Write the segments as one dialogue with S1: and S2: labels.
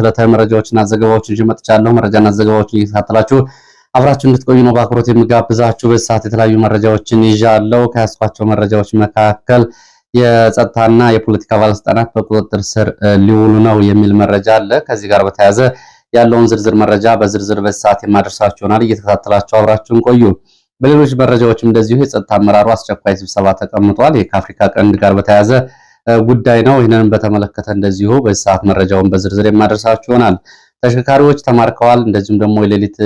S1: ዕለታዊ መረጃዎችና ዘገባዎችን ይዤ መጥቻለሁ። መረጃና ዘገባዎችን እየተከታተላችሁ አብራችሁ እንድትቆዩ ነው በአክብሮት የምጋብዛችሁ። በሰዓት የተለያዩ መረጃዎችን ይዣለሁ። ከያስኳቸው መረጃዎች መካከል የጸጥታና የፖለቲካ ባለስልጣናት በቁጥጥር ስር ሊውሉ ነው የሚል መረጃ አለ። ከዚህ ጋር በተያያዘ ያለውን ዝርዝር መረጃ በዝርዝር በሰዓት ሰዓት የማደርሳችሁ ይሆናል። እየተከታተላችሁ አብራችሁን ቆዩ። በሌሎች መረጃዎችም እንደዚሁ የጸጥታ አመራሩ አስቸኳይ ስብሰባ ተቀምጧል። ይህ ከአፍሪካ ቀንድ ጋር በተያያዘ ጉዳይ ነው። ይህንንም በተመለከተ እንደዚሁ በዚህ ሰዓት መረጃውን በዝርዝር የማደርሳችሁ ይሆናል። ተሽከርካሪዎች ተማርከዋል። እንደዚሁም ደግሞ የሌሊት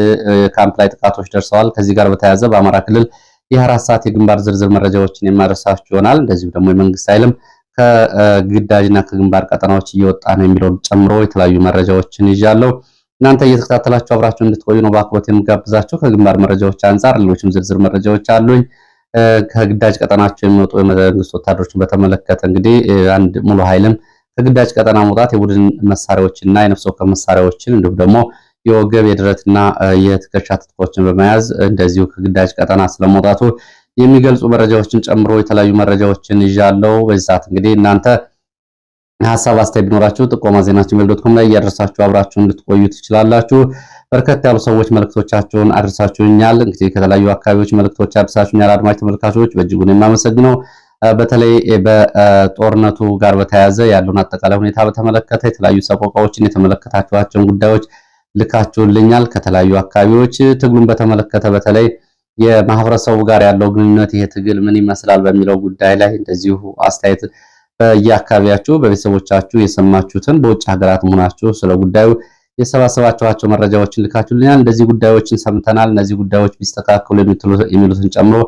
S1: ካምፕ ላይ ጥቃቶች ደርሰዋል። ከዚህ ጋር በተያያዘ በአማራ ክልል የአራት ሰዓት የግንባር ዝርዝር መረጃዎችን የማደርሳችሁ ይሆናል። እንደዚሁም ደግሞ የመንግስት ኃይልም ከግዳጅና ከግንባር ቀጠናዎች እየወጣ ነው የሚለውን ጨምሮ የተለያዩ መረጃዎችን ይዣለሁ። እናንተ እየተከታተላችሁ አብራችሁ እንድትቆዩ ነው በአክብሮት የምጋብዛችሁ። ከግንባር መረጃዎች አንጻር ሌሎችም ዝርዝር መረጃዎች አሉኝ። ከግዳጅ ቀጠናቸው የሚወጡ የመንግስት ወታደሮችን በተመለከተ እንግዲህ አንድ ሙሉ ኃይልም ከግዳጅ ቀጠና መውጣት የቡድን መሳሪያዎችና የነፍስ ወከፍ መሳሪያዎችን እንዲሁም ደግሞ የወገብ የደረትና የትከሻ ትጥቆችን በመያዝ እንደዚሁ ከግዳጅ ቀጠና ስለመውጣቱ የሚገልጹ መረጃዎችን ጨምሮ የተለያዩ መረጃዎችን ይዣለው። በዚህ ሰዓት እንግዲህ እናንተ ሀሳብ አስተያየት ቢኖራችሁ ጥቆማ ዜና ጂሜል ዶት ኮም ላይ እያደረሳችሁ አብራችሁ እንድትቆዩ ትችላላችሁ። በርከት ያሉ ሰዎች መልእክቶቻችሁን አድርሳችሁኛል። እንግዲህ ከተለያዩ አካባቢዎች መልእክቶች አድርሳችሁኛል። አድማጭ ተመልካቾች በእጅጉን የማመሰግነው። በተለይ በጦርነቱ ጋር በተያያዘ ያለውን አጠቃላይ ሁኔታ በተመለከተ የተለያዩ ሰቆቃዎችን የተመለከታችኋቸውን ጉዳዮች ልካችሁልኛል። ከተለያዩ አካባቢዎች ትግሉን በተመለከተ በተለይ የማህበረሰቡ ጋር ያለው ግንኙነት ይሄ ትግል ምን ይመስላል በሚለው ጉዳይ ላይ እንደዚሁ አስተያየት በየአካባቢያችሁ በቤተሰቦቻችሁ የሰማችሁትን በውጭ ሀገራት መሆናችሁ ስለ ጉዳዩ የሰባሰባችኋቸው መረጃዎችን ልካችሁልኛል። እንደዚህ ጉዳዮችን ሰምተናል፣ እነዚህ ጉዳዮች ቢስተካከሉ የሚሉትን ጨምሮ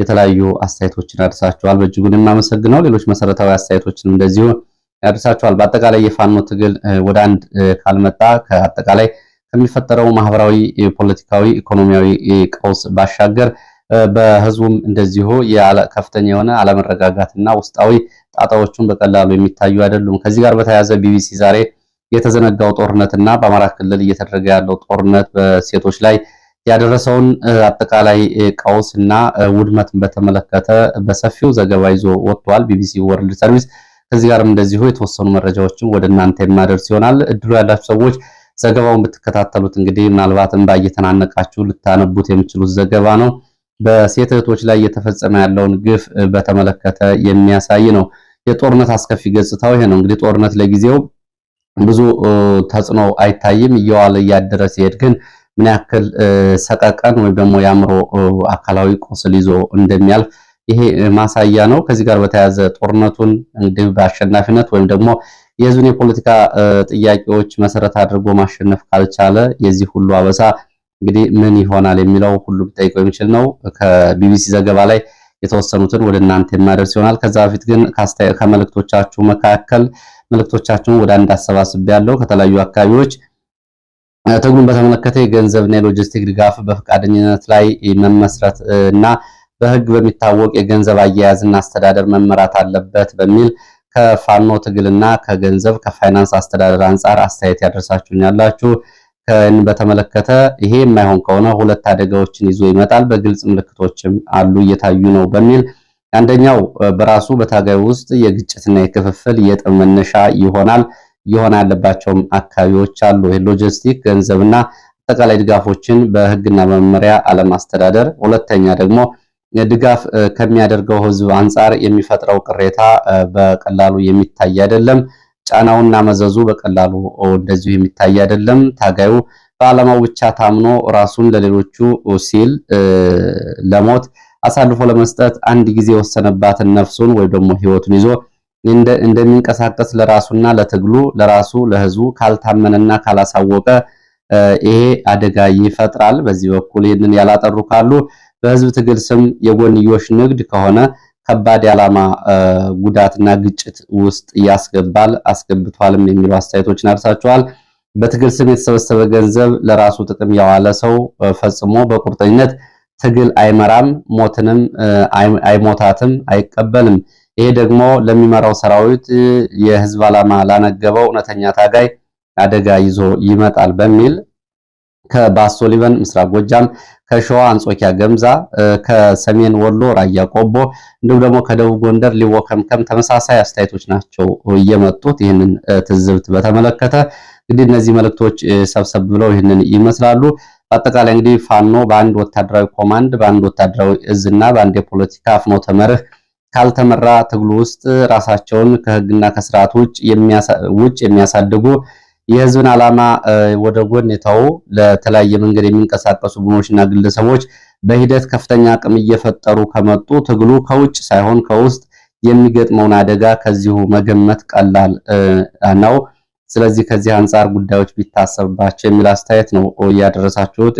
S1: የተለያዩ አስተያየቶችን አድርሳችኋል። በእጅጉን የማመሰግነው። ሌሎች መሰረታዊ አስተያየቶችንም እንደዚሁ ያደርሳችኋል። በአጠቃላይ የፋኖ ትግል ወደ አንድ ካልመጣ ከአጠቃላይ ከሚፈጠረው ማህበራዊ፣ ፖለቲካዊ፣ ኢኮኖሚያዊ ቀውስ ባሻገር በህዝቡም እንደዚሁ ከፍተኛ የሆነ አለመረጋጋትና ውስጣዊ ጣጣዎቹን በቀላሉ የሚታዩ አይደሉም። ከዚህ ጋር በተያያዘ ቢቢሲ ዛሬ የተዘነጋው ጦርነትና በአማራ ክልል እየተደረገ ያለው ጦርነት በሴቶች ላይ ያደረሰውን አጠቃላይ ቀውስ እና ውድመትን በተመለከተ በሰፊው ዘገባ ይዞ ወጥቷል ቢቢሲ ወርልድ ሰርቪስ። ከዚህ ጋርም እንደዚሁ የተወሰኑ መረጃዎችን ወደ እናንተ የማደርስ ይሆናል። እድሉ ያላችሁ ሰዎች ዘገባውን ብትከታተሉት እንግዲህ ምናልባትም እየተናነቃችሁ ልታነቡት የምችሉት ዘገባ ነው። በሴት እህቶች ላይ እየተፈጸመ ያለውን ግፍ በተመለከተ የሚያሳይ ነው። የጦርነት አስከፊ ገጽታው ይሄ ነው። እንግዲህ ጦርነት ለጊዜው ብዙ ተጽዕኖ አይታይም። እየዋለ እያደረ ሲሄድ ግን ምን ያክል ሰቀቀን ወይም ደግሞ የአእምሮ አካላዊ ቁስል ይዞ እንደሚያልፍ ይሄ ማሳያ ነው። ከዚህ ጋር በተያያዘ ጦርነቱን እንግዲህ በአሸናፊነት ወይም ደግሞ የህዝብን የፖለቲካ ጥያቄዎች መሰረት አድርጎ ማሸነፍ ካልቻለ የዚህ ሁሉ አበሳ እንግዲህ ምን ይሆናል የሚለው ሁሉም ጠይቀው የሚችል ነው። ከቢቢሲ ዘገባ ላይ የተወሰኑትን ወደ እናንተ የማደርስ ይሆናል። ከዛ በፊት ግን ከመልእክቶቻችሁ መካከል መልእክቶቻችሁን ወደ አንድ አሰባስብ ያለው ከተለያዩ አካባቢዎች ትግሉን በተመለከተ የገንዘብና የሎጂስቲክ ድጋፍ በፈቃደኝነት ላይ መመስረት እና በህግ በሚታወቅ የገንዘብ አያያዝና አስተዳደር መመራት አለበት በሚል ከፋኖ ትግልና ከገንዘብ ከፋይናንስ አስተዳደር አንጻር አስተያየት ያደርሳችሁን ያላችሁ በተመለከተ ይሄ የማይሆን ከሆነ ሁለት አደጋዎችን ይዞ ይመጣል። በግልጽ ምልክቶችም አሉ እየታዩ ነው በሚል አንደኛው በራሱ በታጋይ ውስጥ የግጭትና የክፍፍል የጥም መነሻ ይሆናል። እየሆነ ያለባቸውም አካባቢዎች አሉ። ሎጂስቲክ ገንዘብና አጠቃላይ ድጋፎችን በህግና በመመሪያ አለማስተዳደር። ሁለተኛ ደግሞ ድጋፍ ከሚያደርገው ህዝብ አንጻር የሚፈጥረው ቅሬታ በቀላሉ የሚታይ አይደለም። ጫናውና መዘዙ በቀላሉ እንደዚሁ የሚታይ አይደለም። ታጋዩ በዓላማው ብቻ ታምኖ ራሱን ለሌሎቹ ሲል ለሞት አሳልፎ ለመስጠት አንድ ጊዜ የወሰነባትን ነፍሱን ወይም ደግሞ ህይወቱን ይዞ እንደሚንቀሳቀስ ለራሱና ለትግሉ ለራሱ ለህዝቡ ካልታመነና ካላሳወቀ ይሄ አደጋ ይፈጥራል። በዚህ በኩል ይህንን ያላጠሩ ካሉ በህዝብ ትግል ስም የጎንዮሽ ንግድ ከሆነ ከባድ የዓላማ ጉዳትና ግጭት ውስጥ ያስገባል አስገብቷልም የሚሉ አስተያየቶችን አርሳቸዋል። በትግል ስም የተሰበሰበ ገንዘብ ለራሱ ጥቅም ያዋለ ሰው ፈጽሞ በቁርጠኝነት ትግል አይመራም፣ ሞትንም አይሞታትም፣ አይቀበልም። ይሄ ደግሞ ለሚመራው ሰራዊት የህዝብ ዓላማ ላነገበው እውነተኛ ታጋይ አደጋ ይዞ ይመጣል በሚል ከባሶ ሊበን ምስራቅ ጎጃም፣ ከሸዋ አንጾኪያ ገምዛ፣ ከሰሜን ወሎ ራያ ቆቦ፣ እንዲሁም ደግሞ ከደቡብ ጎንደር ሊቦ ከምከም ተመሳሳይ አስተያየቶች ናቸው እየመጡት ይህንን ትዝብት በተመለከተ እንግዲህ እነዚህ መልእክቶች ሰብሰብ ብለው ይህንን ይመስላሉ። በአጠቃላይ እንግዲህ ፋኖ በአንድ ወታደራዊ ኮማንድ በአንድ ወታደራዊ እዝና በአንድ የፖለቲካ አፍኖተ መርህ ካልተመራ ትግሉ ውስጥ ራሳቸውን ከህግና ከስርዓት ውጭ የሚያሳድጉ የህዝብን ዓላማ ወደ ጎን የተው ለተለያየ መንገድ የሚንቀሳቀሱ ቡድኖችና ግለሰቦች በሂደት ከፍተኛ አቅም እየፈጠሩ ከመጡ ትግሉ ከውጭ ሳይሆን ከውስጥ የሚገጥመውን አደጋ ከዚሁ መገመት ቀላል ነው። ስለዚህ ከዚህ አንጻር ጉዳዮች ቢታሰብባቸው የሚል አስተያየት ነው እያደረሳችሁት።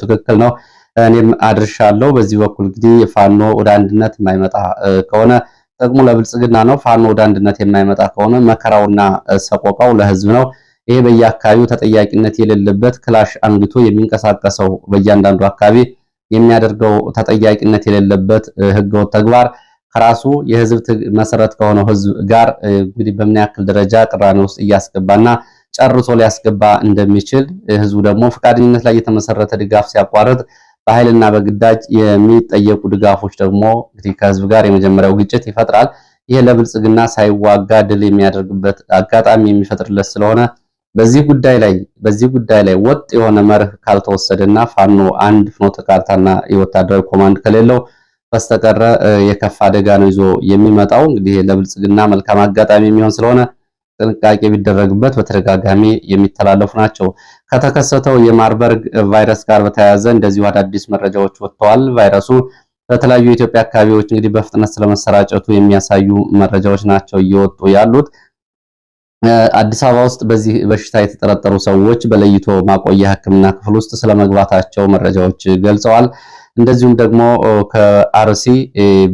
S1: ትክክል ነው፣ እኔም አድርሻለሁ። በዚህ በኩል እንግዲህ ፋኖ ወደ አንድነት የማይመጣ ከሆነ ጥቅሙ ለብልጽግና ነው። ፋኖ ወደ አንድነት የማይመጣ ከሆነ መከራውና ሰቆቃው ለህዝብ ነው። ይሄ በየአካባቢው ተጠያቂነት የሌለበት ክላሽ አንግቶ የሚንቀሳቀሰው በእያንዳንዱ አካባቢ የሚያደርገው ተጠያቂነት የሌለበት ህገወጥ ተግባር ከራሱ የህዝብ መሰረት ከሆነው ህዝብ ጋር እንግዲህ በምን ያክል ደረጃ ቅራኔ ውስጥ እያስገባና ጨርሶ ሊያስገባ እንደሚችል ህዝቡ ደግሞ ፈቃደኝነት ላይ የተመሰረተ ድጋፍ ሲያቋርጥ በኃይልና በግዳጅ የሚጠየቁ ድጋፎች ደግሞ እንግዲህ ከህዝብ ጋር የመጀመሪያው ግጭት ይፈጥራል። ይሄ ለብልጽግና ሳይዋጋ ድል የሚያደርግበት አጋጣሚ የሚፈጥርለት ስለሆነ በዚህ ጉዳይ ላይ በዚህ ጉዳይ ላይ ወጥ የሆነ መርህ ካልተወሰደና ፋኖ አንድ ፍኖተ ካርታና የወታደራዊ ኮማንድ ከሌለው በስተቀረ የከፋ አደጋ ነው ይዞ የሚመጣው። እንግዲህ ለብልጽግና መልካም አጋጣሚ የሚሆን ስለሆነ ጥንቃቄ ቢደረግበት በተደጋጋሚ የሚተላለፉ ናቸው። ከተከሰተው የማርበርግ ቫይረስ ጋር በተያያዘ እንደዚሁ አዳዲስ መረጃዎች ወጥተዋል። ቫይረሱ በተለያዩ የኢትዮጵያ አካባቢዎች እንግዲህ በፍጥነት ስለመሰራጨቱ የሚያሳዩ መረጃዎች ናቸው እየወጡ ያሉት። አዲስ አበባ ውስጥ በዚህ በሽታ የተጠረጠሩ ሰዎች በለይቶ ማቆያ ሕክምና ክፍል ውስጥ ስለመግባታቸው መረጃዎች ገልጸዋል። እንደዚሁም ደግሞ ከአርሲ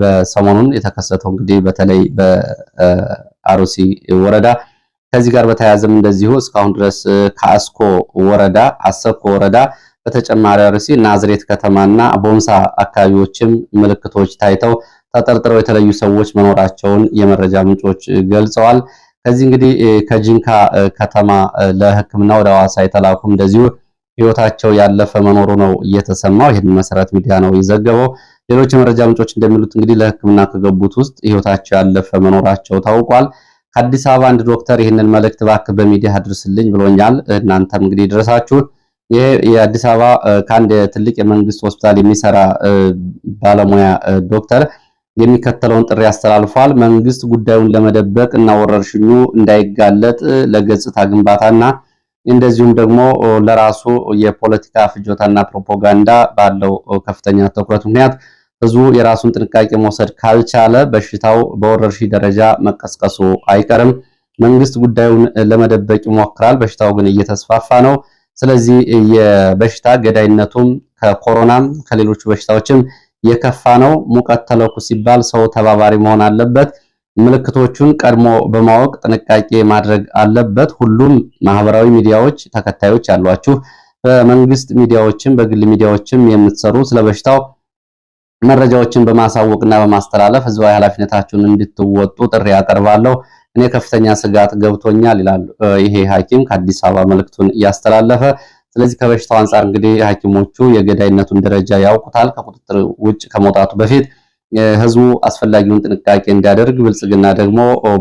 S1: በሰሞኑን የተከሰተው እንግዲህ በተለይ በአርሲ ወረዳ ከዚህ ጋር በተያያዘም እንደዚሁ እስካሁን ድረስ ከአስኮ ወረዳ፣ አሰኮ ወረዳ በተጨማሪ አርሲ፣ ናዝሬት ከተማና ቦንሳ አካባቢዎችም ምልክቶች ታይተው ተጠርጥረው የተለዩ ሰዎች መኖራቸውን የመረጃ ምንጮች ገልጸዋል። ከዚህ እንግዲህ ከጂንካ ከተማ ለሕክምና ወደ ሐዋሳ የተላኩም እንደዚሁ ህይወታቸው ያለፈ መኖሩ ነው እየተሰማው። ይህን መሰረት ሚዲያ ነው የዘገበው። ሌሎች የመረጃ ምንጮች እንደሚሉት እንግዲህ ለሕክምና ከገቡት ውስጥ ህይወታቸው ያለፈ መኖራቸው ታውቋል። ከአዲስ አበባ አንድ ዶክተር ይህንን መልእክት እባክህ በሚዲያ አድርስልኝ ብሎኛል። እናንተም እንግዲህ ድረሳችሁ። ይህ የአዲስ አበባ ከአንድ ትልቅ የመንግስት ሆስፒታል የሚሰራ ባለሙያ ዶክተር የሚከተለውን ጥሪ አስተላልፏል። መንግስት ጉዳዩን ለመደበቅ እና ወረርሽኙ እንዳይጋለጥ ለገጽታ ግንባታና እንደዚሁም ደግሞ ለራሱ የፖለቲካ ፍጆታና ፕሮፓጋንዳ ባለው ከፍተኛ ትኩረት ምክንያት ህዝቡ የራሱን ጥንቃቄ መውሰድ ካልቻለ በሽታው በወረርሽኝ ደረጃ መቀስቀሱ አይቀርም። መንግስት ጉዳዩን ለመደበቅ ይሞክራል፣ በሽታው ግን እየተስፋፋ ነው። ስለዚህ የበሽታ ገዳይነቱም ከኮሮናም ከሌሎቹ በሽታዎችም የከፋ ነው። ሙቀት ተለኩ ሲባል ሰው ተባባሪ መሆን አለበት። ምልክቶቹን ቀድሞ በማወቅ ጥንቃቄ ማድረግ አለበት። ሁሉም ማህበራዊ ሚዲያዎች ተከታዮች አሏችሁ። በመንግስት ሚዲያዎችም በግል ሚዲያዎችም የምትሰሩ ስለበሽታው መረጃዎችን በማሳወቅና በማስተላለፍ ህዝባዊ ኃላፊነታችሁን እንድትወጡ ጥሪ አቀርባለሁ እኔ ከፍተኛ ስጋት ገብቶኛል ይላል ይሄ ሐኪም ከአዲስ አበባ መልእክቱን እያስተላለፈ ስለዚህ ከበሽታው አንጻር እንግዲህ ሐኪሞቹ የገዳይነቱን ደረጃ ያውቁታል። ከቁጥጥር ውጭ ከመውጣቱ በፊት ህዝቡ አስፈላጊውን ጥንቃቄ እንዲያደርግ ብልጽግና ደግሞ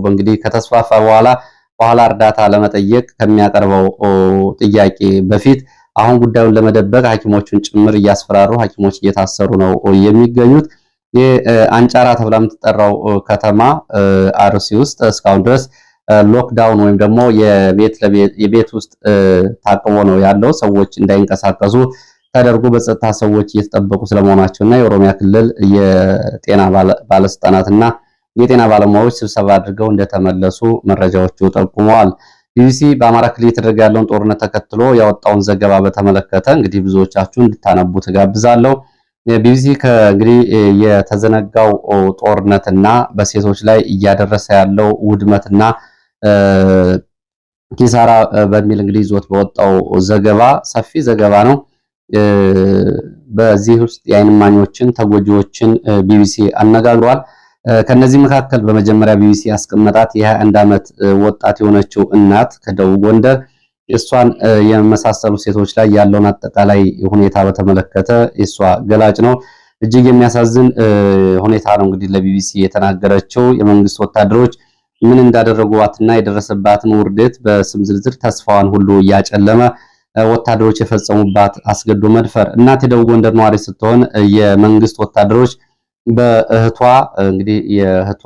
S1: እንግዲህ ከተስፋፋ በኋላ በኋላ እርዳታ ለመጠየቅ ከሚያቀርበው ጥያቄ በፊት አሁን ጉዳዩን ለመደበቅ ሐኪሞቹን ጭምር እያስፈራሩ ሐኪሞች እየታሰሩ ነው የሚገኙት። ይህ አንጫራ ተብላ የምትጠራው ከተማ አርሲ ውስጥ እስካሁን ድረስ ሎክዳውን ወይም ደግሞ የቤት ውስጥ ታቅቦ ነው ያለው። ሰዎች እንዳይንቀሳቀሱ ተደርጎ በጸጥታ ሰዎች እየተጠበቁ ስለመሆናቸው እና የኦሮሚያ ክልል የጤና ባለስልጣናት እና የጤና ባለሙያዎች ስብሰባ አድርገው እንደተመለሱ መረጃዎቹ ጠቁመዋል። ቢቢሲ በአማራ ክልል የተደረገ ያለውን ጦርነት ተከትሎ ያወጣውን ዘገባ በተመለከተ እንግዲህ ብዙዎቻችሁ እንድታነቡ ትጋብዛለሁ። ቢቢሲ ከእንግዲህ የተዘነጋው ጦርነትና በሴቶች ላይ እያደረሰ ያለው ውድመትና ኪሳራ በሚል እንግዲህ ይዞት በወጣው ዘገባ ሰፊ ዘገባ ነው። በዚህ ውስጥ የዓይን እማኞችን ተጎጂዎችን ቢቢሲ አነጋግሯል። ከነዚህ መካከል በመጀመሪያ ቢቢሲ ያስቀመጣት የ21 ዓመት ወጣት የሆነችው እናት ከደቡብ ጎንደር እሷን የመሳሰሉ ሴቶች ላይ ያለውን አጠቃላይ ሁኔታ በተመለከተ እሷ ገላጭ ነው። እጅግ የሚያሳዝን ሁኔታ ነው እንግዲህ ለቢቢሲ የተናገረችው የመንግስት ወታደሮች ምን እንዳደረጓትና የደረሰባትን ውርደት በስም ዝርዝር ተስፋዋን ሁሉ እያጨለመ ወታደሮች የፈጸሙባት አስገዶ መድፈር። እናት የደቡብ ጎንደር ነዋሪ ስትሆን የመንግስት ወታደሮች በእህቷ እንግዲህ የእህቷ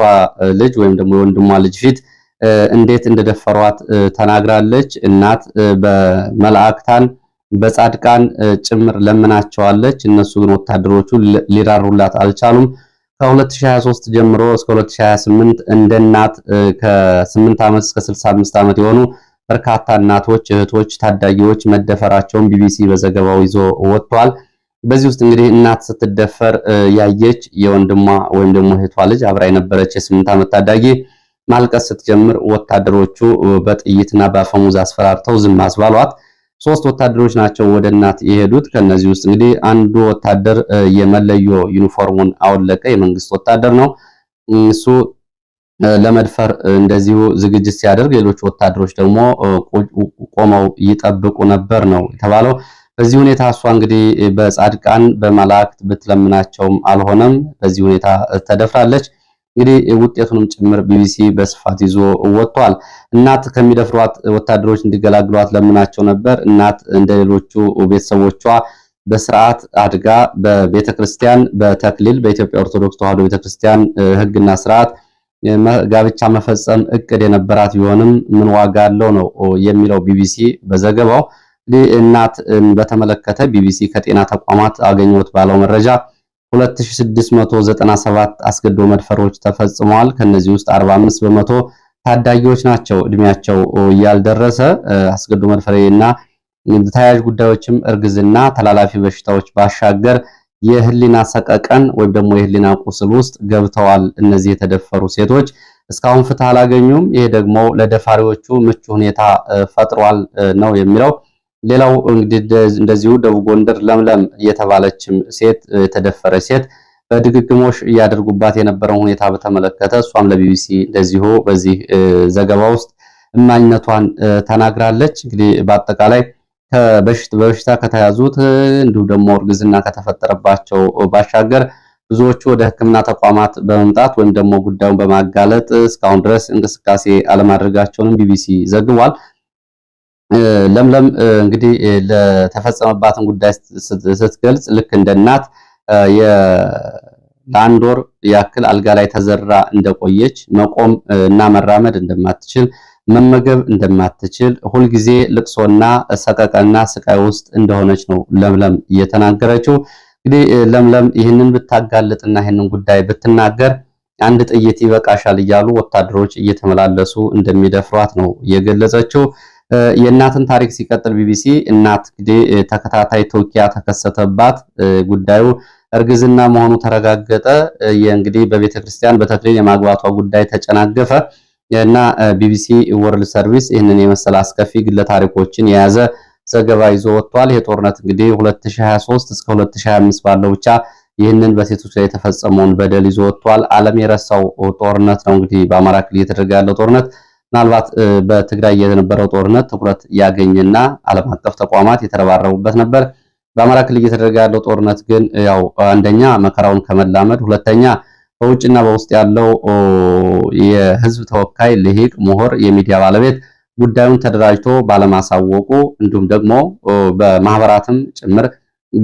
S1: ልጅ ወይም ደግሞ የወንድሟ ልጅ ፊት እንዴት እንደደፈሯት ተናግራለች። እናት በመላእክታን በጻድቃን ጭምር ለምናቸዋለች። እነሱ ግን ወታደሮቹ ሊራሩላት አልቻሉም። ከ2023 ጀምሮ እስከ 2028 እንደ እናት ከ8 ዓመት እስከ 65 ዓመት የሆኑ በርካታ እናቶች፣ እህቶች፣ ታዳጊዎች መደፈራቸውን ቢቢሲ በዘገባው ይዞ ወጥቷል። በዚህ ውስጥ እንግዲህ እናት ስትደፈር ያየች የወንድሟ ወይም ደግሞ እህቷ ልጅ አብራ የነበረች የስምንት ዓመት ታዳጊ ማልቀስ ስትጀምር ወታደሮቹ በጥይትና በአፈሙዝ አስፈራርተው ዝም አስባሏት። ሶስት ወታደሮች ናቸው ወደ እናት የሄዱት። ከነዚህ ውስጥ እንግዲህ አንዱ ወታደር የመለዮ ዩኒፎርሙን አወለቀ። የመንግስት ወታደር ነው እሱ ለመድፈር እንደዚሁ ዝግጅት ሲያደርግ ሌሎች ወታደሮች ደግሞ ቆመው ይጠብቁ ነበር ነው የተባለው። በዚህ ሁኔታ እሷ እንግዲህ በጻድቃን በመላእክት ብትለምናቸውም አልሆነም። በዚህ ሁኔታ ተደፍራለች። እንግዲህ ውጤቱንም ጭምር ቢቢሲ በስፋት ይዞ ወጥቷል። እናት ከሚደፍሯት ወታደሮች እንዲገላግሏት ለምናቸው ነበር። እናት እንደሌሎቹ ቤተሰቦቿ በስርዓት አድጋ በቤተክርስቲያን በተክሊል በኢትዮጵያ ኦርቶዶክስ ተዋሕዶ ቤተክርስቲያን ሕግና ስርዓት ጋብቻ መፈጸም እቅድ የነበራት ቢሆንም ምን ዋጋ አለው ነው የሚለው ቢቢሲ በዘገባው። እናት በተመለከተ ቢቢሲ ከጤና ተቋማት አገኘሁት ባለው መረጃ 2697 አስገድዶ መድፈሮች ተፈጽመዋል። ከነዚህ ውስጥ 45 በመቶ ታዳጊዎች ናቸው። እድሜያቸው ያልደረሰ አስገድዶ መድፈሬ እና ተያያዥ ጉዳዮችም እርግዝና፣ ተላላፊ በሽታዎች ባሻገር የህሊና ሰቀቀን ወይም ደግሞ የህሊና ቁስል ውስጥ ገብተዋል። እነዚህ የተደፈሩ ሴቶች እስካሁን ፍትህ አላገኙም። ይሄ ደግሞ ለደፋሪዎቹ ምቹ ሁኔታ ፈጥሯል ነው የሚለው ሌላው እንግዲህ እንደዚሁ ደቡብ ጎንደር ለምለም የተባለችም ሴት የተደፈረች ሴት በድግግሞሽ እያደርጉባት የነበረውን ሁኔታ በተመለከተ እሷም ለቢቢሲ እንደዚሁ በዚህ ዘገባ ውስጥ እማኝነቷን ተናግራለች። እንግዲህ በአጠቃላይ በበሽታ ከተያዙት እንዲሁ ደግሞ እርግዝና ከተፈጠረባቸው ባሻገር ብዙዎቹ ወደ ሕክምና ተቋማት በመምጣት ወይም ደግሞ ጉዳዩን በማጋለጥ እስካሁን ድረስ እንቅስቃሴ አለማድረጋቸውንም ቢቢሲ ዘግቧል። ለምለም እንግዲህ ለተፈጸመባትን ጉዳይ ስትገልጽ ልክ እንደ እናት ለአንድ ወር ያክል አልጋ ላይ ተዘራ እንደቆየች መቆም እና መራመድ እንደማትችል መመገብ እንደማትችል ሁልጊዜ ልቅሶና ሰቀቀና ስቃይ ውስጥ እንደሆነች ነው ለምለም እየተናገረችው። እንግዲህ ለምለም ይህንን ብታጋልጥና ይህንን ጉዳይ ብትናገር አንድ ጥይት ይበቃሻል እያሉ ወታደሮች እየተመላለሱ እንደሚደፍሯት ነው የገለጸችው። የእናትን ታሪክ ሲቀጥል ቢቢሲ እናት እንግዲህ ተከታታይ ቶኪያ ተከሰተባት። ጉዳዩ እርግዝና መሆኑ ተረጋገጠ። እንግዲህ በቤተክርስቲያን በተክሊል የማግባቷ ጉዳይ ተጨናገፈ እና ቢቢሲ ወርልድ ሰርቪስ ይህንን የመሰለ አስከፊ ግለ ታሪኮችን የያዘ ዘገባ ይዞ ወጥቷል። ይህ ጦርነት እንግዲህ 2023 እስከ 2025 ባለው ብቻ ይህንን በሴቶች ላይ የተፈጸመውን በደል ይዞ ወጥቷል። ዓለም የረሳው ጦርነት ነው እንግዲህ በአማራ ክልል እየተደረገ ያለው ጦርነት ምናልባት በትግራይ የነበረው ጦርነት ትኩረት ያገኘና ዓለም አቀፍ ተቋማት የተረባረቡበት ነበር። በአማራ ክልል እየተደረገ ያለው ጦርነት ግን ያው አንደኛ መከራውን ከመላመድ ሁለተኛ በውጭና በውስጥ ያለው የህዝብ ተወካይ ልሂቅ፣ ምሁር፣ የሚዲያ ባለቤት ጉዳዩን ተደራጅቶ ባለማሳወቁ እንዲሁም ደግሞ በማህበራትም ጭምር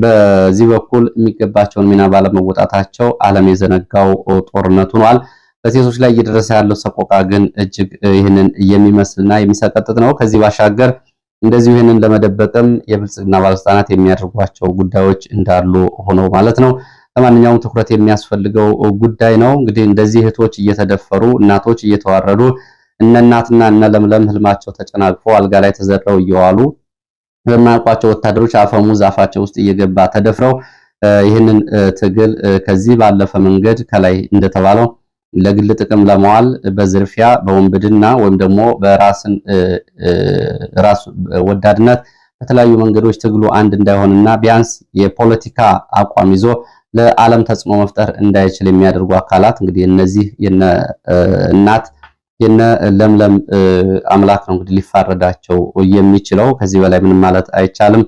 S1: በዚህ በኩል የሚገባቸውን ሚና ባለመወጣታቸው ዓለም የዘነጋው ጦርነት ሆኗል። በሴቶች ላይ እየደረሰ ያለው ሰቆቃ ግን እጅግ ይህንን የሚመስልና የሚሰቀጥጥ ነው። ከዚህ ባሻገር እንደዚሁ ይህንን ለመደበቅም የብልጽግና ባለስልጣናት የሚያደርጓቸው ጉዳዮች እንዳሉ ሆኖ ማለት ነው። ለማንኛውም ትኩረት የሚያስፈልገው ጉዳይ ነው። እንግዲህ እንደዚህ እህቶች እየተደፈሩ እናቶች እየተዋረዱ እነ እናትና እነ ለምለም ህልማቸው ተጨናቅፎ አልጋ ላይ ተዘረው እየዋሉ በማያውቋቸው ወታደሮች አፈሙ አፋቸው ውስጥ እየገባ ተደፍረው ይህንን ትግል ከዚህ ባለፈ መንገድ ከላይ እንደተባለው ለግል ጥቅም ለማዋል በዝርፊያ በወንብድና ወይም ደግሞ በራስን ራስ ወዳድነት በተለያዩ መንገዶች ትግሉ አንድ እንዳይሆንና ቢያንስ የፖለቲካ አቋም ይዞ ለዓለም ተጽዕኖ መፍጠር እንዳይችል የሚያደርጉ አካላት እንግዲህ እነዚህ የነ እናት የነ ለምለም አምላክ ነው እንግዲህ ሊፋረዳቸው የሚችለው። ከዚህ በላይ ምንም ማለት አይቻልም።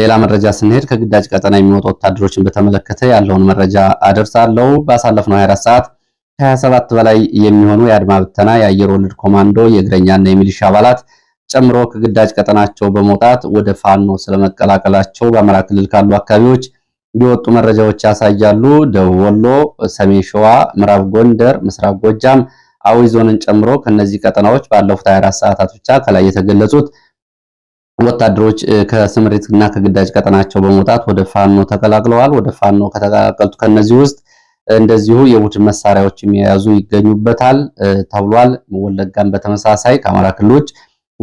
S1: ሌላ መረጃ ስንሄድ ከግዳጅ ቀጠና የሚወጡ ወታደሮችን በተመለከተ ያለውን መረጃ አደርሳለሁ። ባሳለፍነው 24 ሰዓት ከ27 በላይ የሚሆኑ የአድማ ብተና የአየር ወለድ ኮማንዶ የእግረኛና የሚሊሻ አባላት ጨምሮ ከግዳጅ ቀጠናቸው በመውጣት ወደ ፋኖ ስለመቀላቀላቸው በአማራ ክልል ካሉ አካባቢዎች የወጡ መረጃዎች ያሳያሉ። ደቡብ ወሎ፣ ሰሜን ሸዋ፣ ምዕራብ ጎንደር፣ ምስራቅ ጎጃም፣ አዊ ዞንን ጨምሮ ከነዚህ ቀጠናዎች ባለፉት 24 ሰዓታት ብቻ ከላይ የተገለጹት ወታደሮች ከስምሪት እና ከግዳጅ ቀጠናቸው በመውጣት ወደ ፋኖ ተቀላቅለዋል። ወደ ፋኖ ከተቀላቀሉት ከነዚህ ውስጥ እንደዚሁ የቡድን መሳሪያዎች የያዙ ይገኙበታል ተብሏል። ወለጋን በተመሳሳይ ከአማራ ክልሎች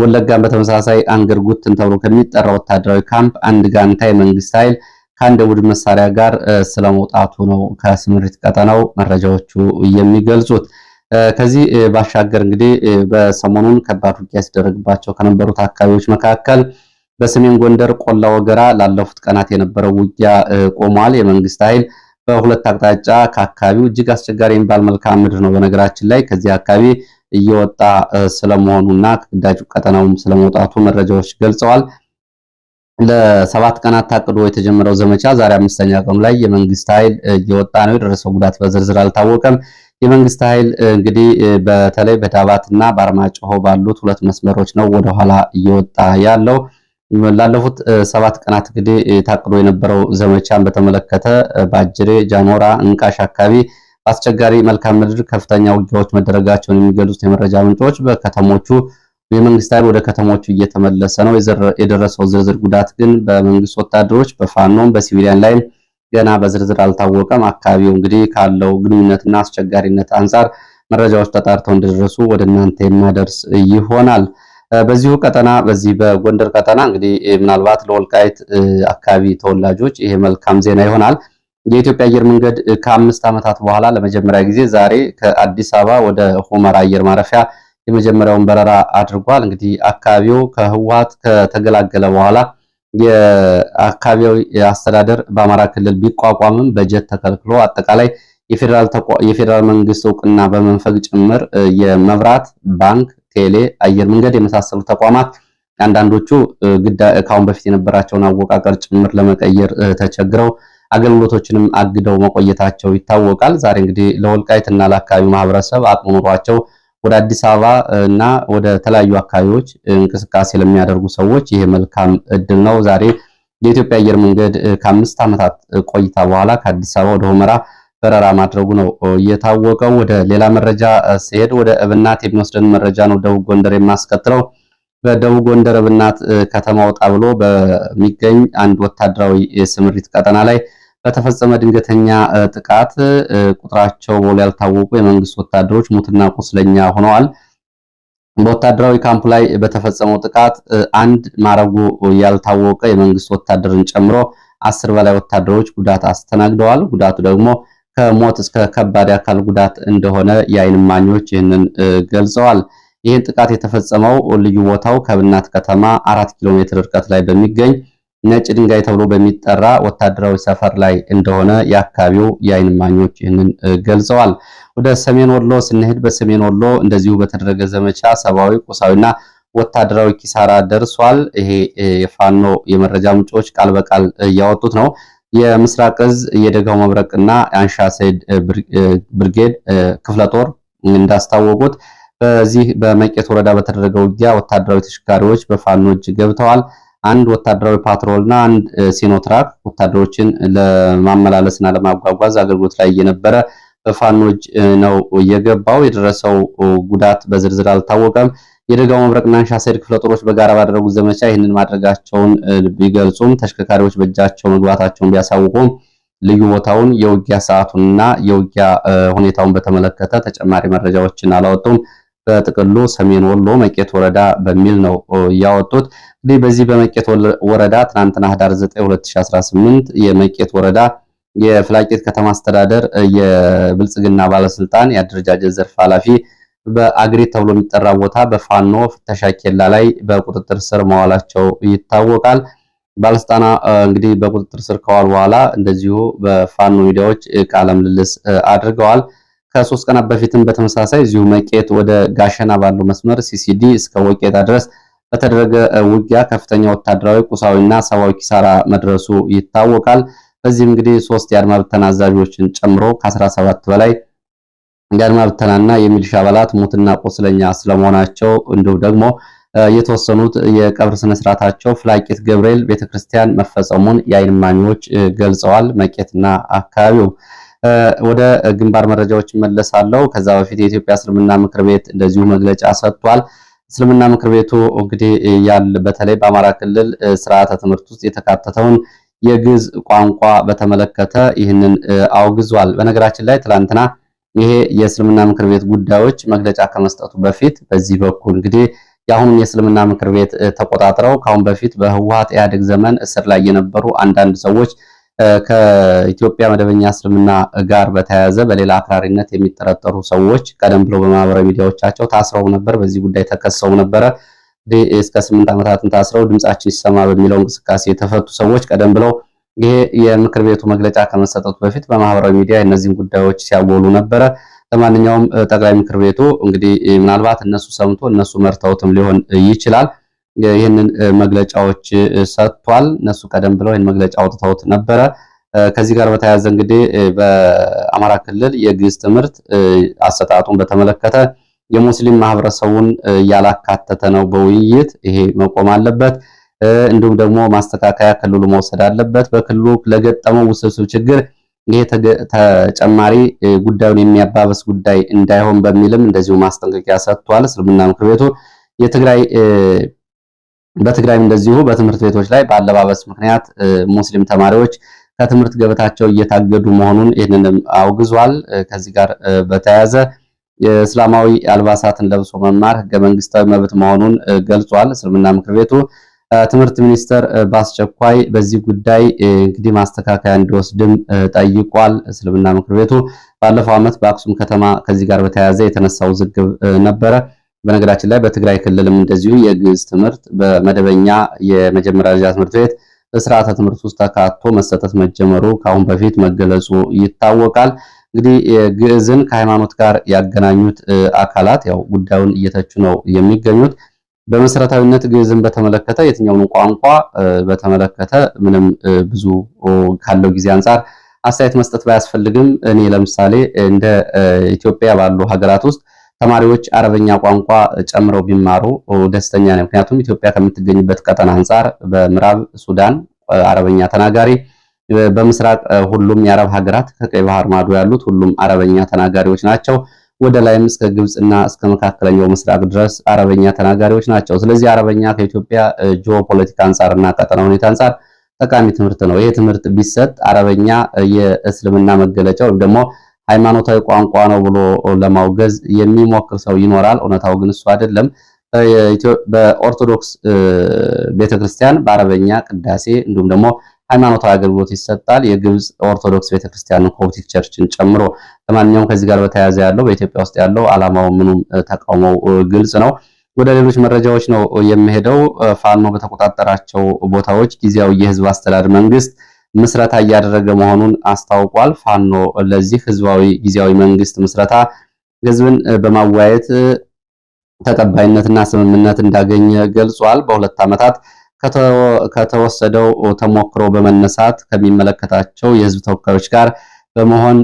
S1: ወለጋን በተመሳሳይ ጉትን ተብሎ ከሚጠራ ወታደራዊ ካምፕ አንድ ጋንታ የመንግስት ኃይል ከአንድ የቡድን መሳሪያ ጋር ስለመውጣቱ ነው ከስምሪት ቀጠናው መረጃዎቹ የሚገልጹት። ከዚህ ባሻገር እንግዲህ በሰሞኑን ከባድ ውጊያ ሲደረግባቸው ከነበሩት አካባቢዎች መካከል በሰሜን ጎንደር ቆላ ወገራ ላለፉት ቀናት የነበረው ውጊያ ቆሟል። የመንግስት ኃይል በሁለት አቅጣጫ ከአካባቢው እጅግ አስቸጋሪ የሚባል መልካም ምድር ነው። በነገራችን ላይ ከዚህ አካባቢ እየወጣ ስለመሆኑና ከግዳጅ ቀጠናውም ስለመውጣቱ መረጃዎች ገልጸዋል። ለሰባት ቀናት ታቅዶ የተጀመረው ዘመቻ ዛሬ አምስተኛ ቀኑ ላይ የመንግስት ኃይል እየወጣ ነው። የደረሰው ጉዳት በዝርዝር አልታወቀም። የመንግስት ኃይል እንግዲህ በተለይ በዳባት እና በአርማጭሆ ባሉት ሁለት መስመሮች ነው ወደኋላ እየወጣ ያለው። ላለፉት ሰባት ቀናት እንግዲህ ታቅዶ የነበረው ዘመቻን በተመለከተ በአጅሬ ጃኖራ፣ እንቃሽ አካባቢ በአስቸጋሪ መልካም ምድር ከፍተኛ ውጊያዎች መደረጋቸውን የሚገልጹት የመረጃ ምንጮች በከተሞቹ የመንግስት ኃይል ወደ ከተሞቹ እየተመለሰ ነው። የደረሰው ዝርዝር ጉዳት ግን በመንግስት ወታደሮች በፋኖም በሲቪሊያን ላይም ገና በዝርዝር አልታወቀም። አካባቢው እንግዲህ ካለው ግንኙነትና አስቸጋሪነት አንጻር መረጃዎች ተጣርተው እንደደረሱ ወደ እናንተ የማደርስ ይሆናል። በዚሁ ቀጠና በዚህ በጎንደር ቀጠና እንግዲህ ምናልባት ለወልቃይት አካባቢ ተወላጆች ይሄ መልካም ዜና ይሆናል። የኢትዮጵያ አየር መንገድ ከአምስት ዓመታት በኋላ ለመጀመሪያ ጊዜ ዛሬ ከአዲስ አበባ ወደ ሁመራ አየር ማረፊያ የመጀመሪያውን በረራ አድርጓል። እንግዲህ አካባቢው ከህወሓት ከተገላገለ በኋላ የአካባቢው አስተዳደር በአማራ ክልል ቢቋቋምም በጀት ተከልክሎ አጠቃላይ የፌዴራል መንግስት እውቅና በመንፈግ ጭምር የመብራት ባንክ ቴሌ፣ አየር መንገድ የመሳሰሉ ተቋማት አንዳንዶቹ ከአሁን በፊት የነበራቸውን አወቃቀር ጭምር ለመቀየር ተቸግረው አገልግሎቶችንም አግደው መቆየታቸው ይታወቃል። ዛሬ እንግዲህ ለወልቃይት እና ለአካባቢው ማህበረሰብ አቅሙ ኑሯቸው ወደ አዲስ አበባ እና ወደ ተለያዩ አካባቢዎች እንቅስቃሴ ለሚያደርጉ ሰዎች ይሄ መልካም እድል ነው። ዛሬ የኢትዮጵያ አየር መንገድ ከአምስት ዓመታት ቆይታ በኋላ ከአዲስ አበባ ወደ ሁመራ በረራ ማድረጉ ነው የታወቀው። ወደ ሌላ መረጃ ሲሄድ ወደ እብናት የሚወስደን መረጃ ነው ደቡብ ጎንደር የማስከትለው። በደቡብ ጎንደር እብናት ከተማ ወጣ ብሎ በሚገኝ አንድ ወታደራዊ ስምሪት ቀጠና ላይ በተፈጸመ ድንገተኛ ጥቃት ቁጥራቸው በውል ያልታወቁ የመንግስት ወታደሮች ሙትና ቁስለኛ ሆነዋል። በወታደራዊ ካምፕ ላይ በተፈጸመው ጥቃት አንድ ማረጉ ያልታወቀ የመንግስት ወታደርን ጨምሮ አስር በላይ ወታደሮች ጉዳት አስተናግደዋል። ጉዳቱ ደግሞ ከሞት እስከ ከባድ የአካል ጉዳት እንደሆነ የአይን እማኞች ይህንን ገልጸዋል። ይህን ጥቃት የተፈጸመው ልዩ ቦታው ከብናት ከተማ አራት ኪሎ ሜትር ርቀት ላይ በሚገኝ ነጭ ድንጋይ ተብሎ በሚጠራ ወታደራዊ ሰፈር ላይ እንደሆነ የአካባቢው የአይን እማኞች ይህንን ገልጸዋል። ወደ ሰሜን ወሎ ስንሄድ በሰሜን ወሎ እንደዚሁ በተደረገ ዘመቻ ሰብአዊ፣ ቁሳዊና ወታደራዊ ኪሳራ ደርሷል። ይሄ የፋኖ የመረጃ ምንጮች ቃል በቃል እያወጡት ነው። የምስራቅ እዝ የደጋው መብረቅና አንሻ ሰይድ ብርጌድ ክፍለ ጦር እንዳስታወቁት በዚህ በመቄት ወረዳ በተደረገ ውጊያ ወታደራዊ ተሽከርካሪዎች በፋኖ እጅ ገብተዋል። አንድ ወታደራዊ ፓትሮልና አንድ ሲኖትራክ ወታደሮችን ለማመላለስና ለማጓጓዝ አገልግሎት ላይ እየነበረ በፋኖ እጅ ነው የገባው። የደረሰው ጉዳት በዝርዝር አልታወቀም። የደጋው መብረቅና አንሻ ክፍለ ጦሮች በጋራ ባደረጉት ዘመቻ ይህንን ማድረጋቸውን ቢገልጹም ተሽከርካሪዎች በእጃቸው መግባታቸውን ቢያሳውቁም ልዩ ቦታውን የውጊያ ሰዓቱንና የውጊያ ሁኔታውን በተመለከተ ተጨማሪ መረጃዎችን አላወጡም። በጥቅሉ ሰሜን ወሎ መቄት ወረዳ በሚል ነው ያወጡት። እንግዲህ በዚህ በመቄት ወረዳ ትናንትና ህዳር 9 2018 የመቄት ወረዳ የፍላቄት ከተማ አስተዳደር የብልጽግና ባለስልጣን የአደረጃጀት ዘርፍ ኃላፊ በአግሪት ተብሎ የሚጠራ ቦታ በፋኖ ፍተሻ ኬላ ላይ በቁጥጥር ስር መዋላቸው ይታወቃል። ባለስልጣና እንግዲህ በቁጥጥር ስር ከዋል በኋላ እንደዚሁ በፋኖ ሚዲያዎች ቃለ ምልልስ አድርገዋል። ከሶስት ቀናት በፊትም በተመሳሳይ እዚሁ መቄት ወደ ጋሸና ባለው መስመር ሲሲዲ እስከ ወቄታ ድረስ በተደረገ ውጊያ ከፍተኛ ወታደራዊ ቁሳዊና ሰብአዊ ኪሳራ መድረሱ ይታወቃል። በዚህም እንግዲህ ሶስት የአድማ ብተና አዛዦችን ጨምሮ ከ17 በላይ የአድማ ብተናና የሚሊሻ አባላት ሙትና ቁስለኛ ስለመሆናቸው እንዲሁም ደግሞ የተወሰኑት የቀብር ስነስርዓታቸው ፍላቂት ገብርኤል ቤተክርስቲያን መፈጸሙን የዓይን እማኞች ገልጸዋል። መቄትና አካባቢው ወደ ግንባር መረጃዎች መለሳለሁ። ከዛ በፊት የኢትዮጵያ እስልምና ምክር ቤት እንደዚሁ መግለጫ ሰጥቷል። እስልምና ምክር ቤቱ እንግዲህ ያል በተለይ በአማራ ክልል ስርዓተ ትምህርት ውስጥ የተካተተውን የግዕዝ ቋንቋ በተመለከተ ይህንን አውግዟል። በነገራችን ላይ ትላንትና ይሄ የእስልምና ምክር ቤት ጉዳዮች መግለጫ ከመስጠቱ በፊት በዚህ በኩል እንግዲህ የአሁኑን የእስልምና ምክር ቤት ተቆጣጥረው ከአሁን በፊት በህወሓት ኢህአዴግ ዘመን እስር ላይ የነበሩ አንዳንድ ሰዎች ከኢትዮጵያ መደበኛ እስልምና ጋር በተያያዘ በሌላ አክራሪነት የሚጠረጠሩ ሰዎች ቀደም ብሎ በማህበራዊ ሚዲያዎቻቸው ታስረው ነበር። በዚህ ጉዳይ ተከሰው ነበረ። እስከ ስምንት ዓመታትን ታስረው ድምጻችን ይሰማ በሚለው እንቅስቃሴ የተፈቱ ሰዎች ቀደም ብለው ይሄ የምክር ቤቱ መግለጫ ከመሰጠቱ በፊት በማህበራዊ ሚዲያ እነዚህን ጉዳዮች ሲያወሉ ነበረ። ለማንኛውም ጠቅላይ ምክር ቤቱ እንግዲህ ምናልባት እነሱ ሰምቶ እነሱ መርተውትም ሊሆን ይችላል ይህንን መግለጫዎች ሰጥቷል። እነሱ ቀደም ብለው ይህን መግለጫ አውጥተውት ነበረ። ከዚህ ጋር በተያያዘ እንግዲህ በአማራ ክልል የግዕዝ ትምህርት አሰጣጡን በተመለከተ የሙስሊም ማህበረሰቡን እያላካተተ ነው። በውይይት ይሄ መቆም አለበት። እንዲሁም ደግሞ ማስተካከያ ክልሉ መውሰድ አለበት። በክልሉ ለገጠመው ውስብስብ ችግር ይሄ ተጨማሪ ጉዳዩን የሚያባበስ ጉዳይ እንዳይሆን በሚልም እንደዚሁ ማስጠንቀቂያ ሰጥቷል። እስልምና ምክር ቤቱ የትግራይ በትግራይም እንደዚሁ በትምህርት ቤቶች ላይ በአለባበስ ምክንያት ሙስሊም ተማሪዎች ከትምህርት ገበታቸው እየታገዱ መሆኑን ይህንንም አውግዟል። ከዚህ ጋር በተያያዘ የእስላማዊ አልባሳትን ለብሶ መማር ህገ መንግስታዊ መብት መሆኑን ገልጿል። እስልምና ምክር ቤቱ ትምህርት ሚኒስቴር በአስቸኳይ በዚህ ጉዳይ እንግዲህ ማስተካከያ እንዲወስድም ጠይቋል። እስልምና ምክር ቤቱ ባለፈው ዓመት በአክሱም ከተማ ከዚህ ጋር በተያያዘ የተነሳው ውዝግብ ነበረ። በነገራችን ላይ በትግራይ ክልልም እንደዚሁ የግዕዝ ትምህርት በመደበኛ የመጀመሪያ ደረጃ ትምህርት ቤት በስርዓተ ትምህርት ውስጥ ተካቶ መሰጠት መጀመሩ ከአሁን በፊት መገለጹ ይታወቃል። እንግዲህ ግዕዝን ከሃይማኖት ጋር ያገናኙት አካላት ያው ጉዳዩን እየተቹ ነው የሚገኙት። በመሰረታዊነት ግዕዝን በተመለከተ የትኛውንም ቋንቋ በተመለከተ ምንም ብዙ ካለው ጊዜ አንጻር አስተያየት መስጠት ባያስፈልግም እኔ ለምሳሌ እንደ ኢትዮጵያ ባሉ ሀገራት ውስጥ ተማሪዎች አረበኛ ቋንቋ ጨምረው ቢማሩ ደስተኛ ነኝ። ምክንያቱም ኢትዮጵያ ከምትገኝበት ቀጠና አንጻር በምዕራብ ሱዳን አረበኛ ተናጋሪ፣ በምስራቅ ሁሉም የአረብ ሀገራት ከቀይ ባህር ማዶ ያሉት ሁሉም አረበኛ ተናጋሪዎች ናቸው። ወደ ላይም እስከ ግብፅና እስከ መካከለኛው ምስራቅ ድረስ አረበኛ ተናጋሪዎች ናቸው። ስለዚህ አረበኛ ከኢትዮጵያ ጂኦፖለቲካ አንጻርና ቀጠና ሁኔታ አንጻር ጠቃሚ ትምህርት ነው። ይህ ትምህርት ቢሰጥ አረበኛ የእስልምና መገለጫ ወይም ደግሞ ሃይማኖታዊ ቋንቋ ነው ብሎ ለማውገዝ የሚሞክር ሰው ይኖራል። እውነታው ግን እሱ አይደለም። በኦርቶዶክስ ቤተክርስቲያን በአረበኛ ቅዳሴ እንዲሁም ደግሞ ሃይማኖታዊ አገልግሎት ይሰጣል። የግብፅ ኦርቶዶክስ ቤተክርስቲያን ኮፕቲክ ቸርችን ጨምሮ። ለማንኛውም ከዚህ ጋር በተያያዘ ያለው በኢትዮጵያ ውስጥ ያለው አላማው ምኑም ተቃውሞው ግልጽ ነው። ወደ ሌሎች መረጃዎች ነው የሚሄደው። ፋኖ በተቆጣጠራቸው ቦታዎች ጊዜያዊ የህዝብ አስተዳደር መንግስት ምስረታ እያደረገ መሆኑን አስታውቋል። ፋኖ ለዚህ ህዝባዊ ጊዜያዊ መንግስት ምስረታ ህዝብን በማወያየት ተቀባይነትና ስምምነት እንዳገኘ ገልጿል። በሁለት ዓመታት ከተወሰደው ተሞክሮ በመነሳት ከሚመለከታቸው የህዝብ ተወካዮች ጋር በመሆን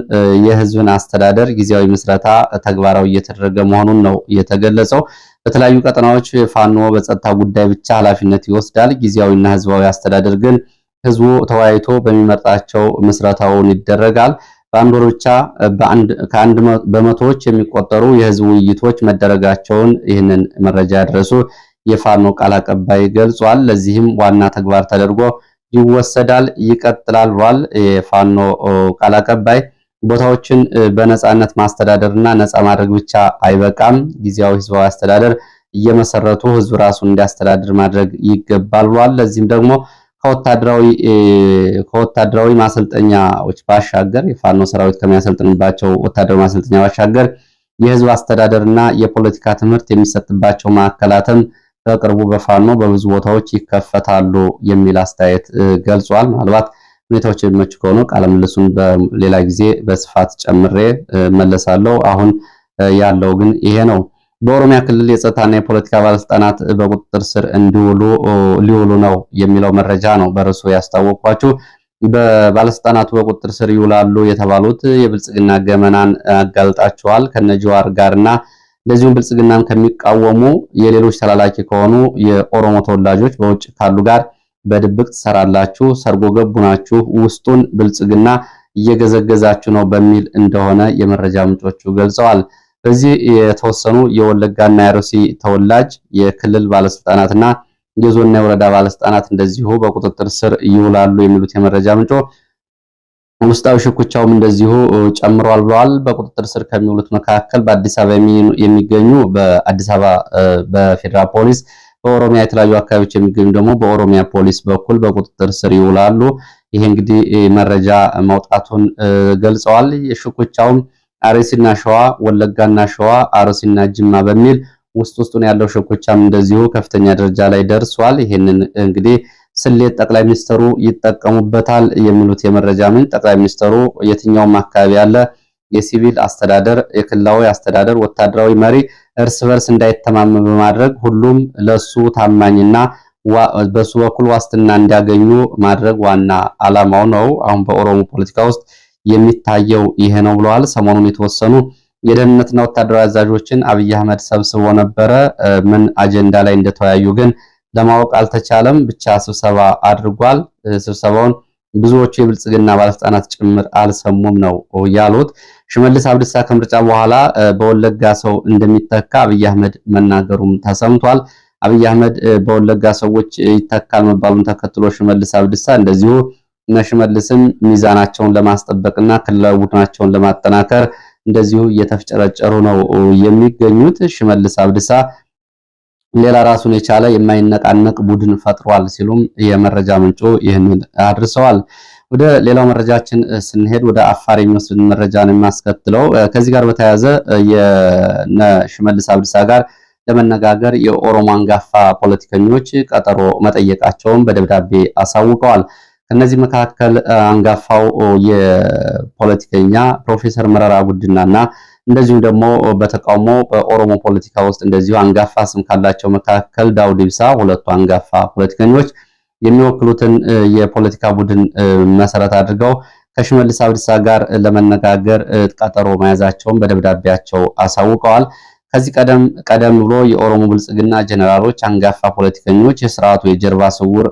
S1: የህዝብን አስተዳደር ጊዜያዊ ምስረታ ተግባራዊ እየተደረገ መሆኑን ነው የተገለጸው። በተለያዩ ቀጠናዎች ፋኖ በጸጥታ ጉዳይ ብቻ ኃላፊነት ይወስዳል። ጊዜያዊና ህዝባዊ አስተዳደር ግን ህዝቡ ተወያይቶ በሚመርጣቸው ምስረታውን ይደረጋል። በአንድ ወር ብቻ ከአንድ በመቶዎች የሚቆጠሩ የህዝብ ውይይቶች መደረጋቸውን ይህንን መረጃ ያደረሱ የፋኖ ቃል አቀባይ ገልጿል። ለዚህም ዋና ተግባር ተደርጎ ይወሰዳል፣ ይቀጥላል ብሏል። የፋኖ ቃል አቀባይ ቦታዎችን በነፃነት ማስተዳደርና ነፃ ማድረግ ብቻ አይበቃም፣ ጊዜያዊ ህዝባዊ አስተዳደር እየመሰረቱ ህዝብ ራሱን እንዲያስተዳድር ማድረግ ይገባል ብሏል። ለዚህም ደግሞ ከወታደራዊ ማሰልጠኛዎች ባሻገር የፋኖ ሰራዊት ከሚያሰልጥንባቸው ወታደራዊ ማሰልጠኛ ባሻገር የህዝብ አስተዳደርና የፖለቲካ ትምህርት የሚሰጥባቸው ማዕከላትም በቅርቡ በፋኖ በብዙ ቦታዎች ይከፈታሉ የሚል አስተያየት ገልጿል። ምናልባት ሁኔታዎች የሚመች ከሆኑ ቃለምልሱን በሌላ ጊዜ በስፋት ጨምሬ መለሳለሁ። አሁን ያለው ግን ይሄ ነው። በኦሮሚያ ክልል የጸጥታና የፖለቲካ ባለስልጣናት በቁጥጥር ስር እንዲውሉ ሊውሉ ነው የሚለው መረጃ ነው በርዕሱ ያስታወቅኳችሁ። በባለስልጣናቱ በቁጥጥር ስር ይውላሉ የተባሉት የብልጽግና ገመናን አጋልጣችኋል ከነጀዋር ጋርና እንደዚሁም ብልጽግናን ከሚቃወሙ የሌሎች ተላላኪ ከሆኑ የኦሮሞ ተወላጆች በውጭ ካሉ ጋር በድብቅ ትሰራላችሁ፣ ሰርጎ ገቡ ናችሁ፣ ውስጡን ብልጽግና እየገዘገዛችሁ ነው በሚል እንደሆነ የመረጃ ምንጮቹ ገልጸዋል። በዚህ የተወሰኑ የወለጋና የአርሲ ተወላጅ የክልል ባለስልጣናትና የዞንና የወረዳ ባለስልጣናት እንደዚሁ በቁጥጥር ስር ይውላሉ የሚሉት የመረጃ ምንጮ ውስጣዊ ሽኩቻውም እንደዚሁ ጨምሯል ብለዋል። በቁጥጥር ስር ከሚውሉት መካከል በአዲስ አበባ የሚገኙ በአዲስ አበባ በፌዴራል ፖሊስ፣ በኦሮሚያ የተለያዩ አካባቢዎች የሚገኙ ደግሞ በኦሮሚያ ፖሊስ በኩል በቁጥጥር ስር ይውላሉ። ይሄ እንግዲህ መረጃ መውጣቱን ገልጸዋል። የሽኩቻውም አርሲና ሸዋ፣ ወለጋና ሸዋ፣ አርሲና ጅማ በሚል ውስጥ ውስጡን ያለው ሽኩቻም እንደዚሁ ከፍተኛ ደረጃ ላይ ደርሷል። ይህንን እንግዲህ ስሌት ጠቅላይ ሚኒስትሩ ይጠቀሙበታል የሚሉት የመረጃ ምንጭ ጠቅላይ ሚኒስትሩ የትኛውም አካባቢ ያለ የሲቪል አስተዳደር፣ የክልላዊ አስተዳደር፣ ወታደራዊ መሪ እርስ በርስ እንዳይተማመን በማድረግ ሁሉም ለሱ ታማኝና በሱ በኩል ዋስትና እንዲያገኙ ማድረግ ዋና አላማው ነው። አሁን በኦሮሞ ፖለቲካ ውስጥ የሚታየው ይሄ ነው ብለዋል። ሰሞኑን የተወሰኑ የደህንነትና ወታደራዊ አዛዦችን አብይ አህመድ ሰብስቦ ነበረ። ምን አጀንዳ ላይ እንደተወያዩ ግን ለማወቅ አልተቻለም። ብቻ ስብሰባ አድርጓል። ስብሰባውን ብዙዎቹ የብልጽግና ባለስልጣናት ጭምር አልሰሙም ነው ያሉት። ሽመልስ አብዲሳ ከምርጫ በኋላ በወለጋ ሰው እንደሚተካ አብይ አህመድ መናገሩም ተሰምቷል። አብይ አህመድ በወለጋ ሰዎች ይተካል መባሉን ተከትሎ ሽመልስ አብዲሳ እንደዚሁ እነ ሽመልስም ሚዛናቸውን ለማስጠበቅና ክልላዊ ቡድናቸውን ለማጠናከር እንደዚሁ እየተፍጨረጨሩ ነው የሚገኙት። ሽመልስ አብድሳ ሌላ ራሱን የቻለ የማይነቃነቅ ቡድን ፈጥሯል ሲሉም የመረጃ ምንጩ ይህንን አድርሰዋል። ወደ ሌላው መረጃችን ስንሄድ ወደ አፋር የሚወስድ መረጃ ነው ከዚህ ጋር በተያያዘ ሽመልስ አብድሳ ጋር ለመነጋገር የኦሮሞ አንጋፋ ፖለቲከኞች ቀጠሮ መጠየቃቸውን በደብዳቤ አሳውቀዋል። ከእነዚህ መካከል አንጋፋው የፖለቲከኛ ፕሮፌሰር መረራ ጉዲናና እንደዚሁም ደግሞ በተቃውሞ በኦሮሞ ፖለቲካ ውስጥ እንደዚሁ አንጋፋ ስም ካላቸው መካከል ዳውድ ኢብሳ ሁለቱ አንጋፋ ፖለቲከኞች የሚወክሉትን የፖለቲካ ቡድን መሰረት አድርገው ከሽመልስ አብዲሳ ጋር ለመነጋገር ቀጠሮ መያዛቸውን በደብዳቤያቸው አሳውቀዋል። ከዚህ ቀደም ቀደም ብሎ የኦሮሞ ብልጽግና ጀነራሎች፣ አንጋፋ ፖለቲከኞች የስርዓቱ የጀርባ ስውር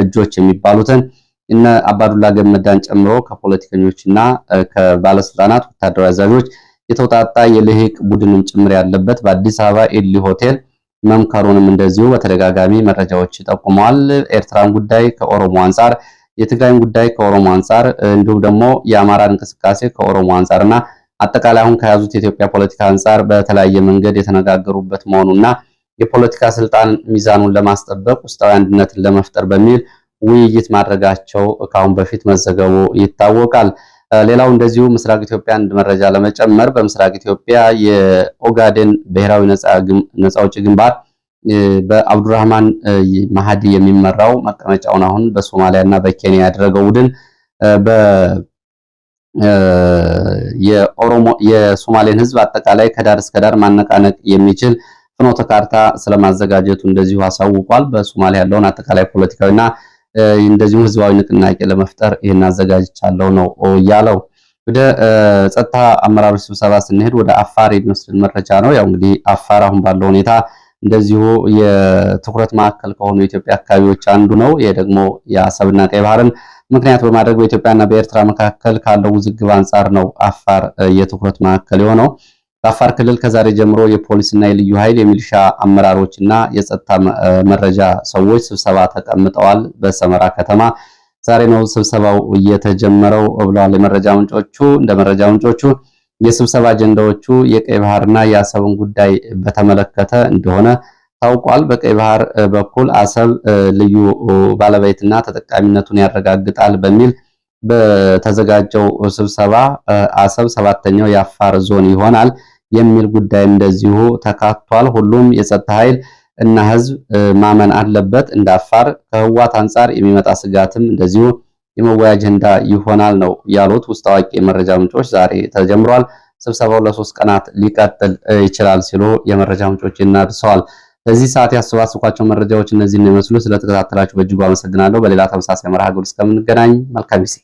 S1: እጆች የሚባሉትን እነ አባዱላ ገመዳን ጨምሮ ከፖለቲከኞችና ከባለስልጣናት፣ ወታደራዊ አዛዦች የተውጣጣ የልሂቅ ቡድንም ጭምር ያለበት በአዲስ አበባ ኤሊ ሆቴል መምከሩንም እንደዚሁ በተደጋጋሚ መረጃዎች ጠቁመዋል። ኤርትራን ጉዳይ ከኦሮሞ አንጻር፣ የትግራይን ጉዳይ ከኦሮሞ አንጻር እንዲሁም ደግሞ የአማራ እንቅስቃሴ ከኦሮሞ አንጻርና አጠቃላይ አሁን ከያዙት የኢትዮጵያ ፖለቲካ አንጻር በተለያየ መንገድ የተነጋገሩበት መሆኑና የፖለቲካ ስልጣን ሚዛኑን ለማስጠበቅ ውስጣዊ አንድነትን ለመፍጠር በሚል ውይይት ማድረጋቸው ከአሁን በፊት መዘገቡ ይታወቃል። ሌላው እንደዚሁ ምስራቅ ኢትዮጵያ አንድ መረጃ ለመጨመር በምስራቅ ኢትዮጵያ የኦጋዴን ብሔራዊ ነፃ አውጪ ግንባር በአብዱራህማን ማሀዲ የሚመራው መቀመጫውን አሁን በሶማሊያ እና በኬንያ ያደረገው ቡድን የኦሮሞ የሶማሌን ህዝብ አጠቃላይ ከዳር እስከ ዳር ማነቃነቅ የሚችል ፍኖተ ካርታ ስለማዘጋጀቱ እንደዚሁ አሳውቋል። በሶማሊያ ያለውን አጠቃላይ ፖለቲካዊና እንደዚሁም ህዝባዊ ንቅናቄ ለመፍጠር ይህን አዘጋጅቻለሁ ነው ያለው። ወደ ጸጥታ አመራሮች ስብሰባ ስንሄድ ወደ አፋር የሚወስድን መረጃ ነው። ያው እንግዲህ አፋር አሁን ባለው ሁኔታ እንደዚሁ የትኩረት ማዕከል ከሆኑ የኢትዮጵያ አካባቢዎች አንዱ ነው። ይሄ ደግሞ የአሰብና ቀይ ባህርን ምክንያት በማድረግ በኢትዮጵያና በኤርትራ መካከል ካለው ውዝግብ አንጻር ነው አፋር የትኩረት ማዕከል የሆነው። በአፋር ክልል ከዛሬ ጀምሮ የፖሊስና የልዩ ኃይል የሚሊሻ አመራሮች እና የጸጥታ መረጃ ሰዎች ስብሰባ ተቀምጠዋል። በሰመራ ከተማ ዛሬ ነው ስብሰባው እየተጀመረው ብለዋል የመረጃ ምንጮቹ። እንደ መረጃ ምንጮቹ የስብሰባ አጀንዳዎቹ የቀይ ባህርና የአሰብን ጉዳይ በተመለከተ እንደሆነ ታውቋል። በቀይ ባህር በኩል አሰብ ልዩ ባለቤትና ተጠቃሚነቱን ያረጋግጣል በሚል በተዘጋጀው ስብሰባ አሰብ ሰባተኛው የአፋር ዞን ይሆናል የሚል ጉዳይ እንደዚሁ ተካቷል። ሁሉም የጸጥታ ኃይል እና ህዝብ ማመን አለበት። እንደ አፋር ከህዋት አንጻር የሚመጣ ስጋትም እንደዚሁ የመወያ አጀንዳ ይሆናል ነው ያሉት ውስጥ አዋቂ የመረጃ ምንጮች። ዛሬ ተጀምሯል ስብሰባው ለሶስት ቀናት ሊቀጥል ይችላል ሲሉ የመረጃ ምንጮች ይናድሰዋል። በዚህ ሰዓት ያሰባሰብኳቸው መረጃዎች እነዚህን ይመስሉ። ስለተከታተላችሁ በእጅጉ አመሰግናለሁ። በሌላ ተመሳሳይ መርሃ ግብር እስከምንገናኝ መልካም ጊዜ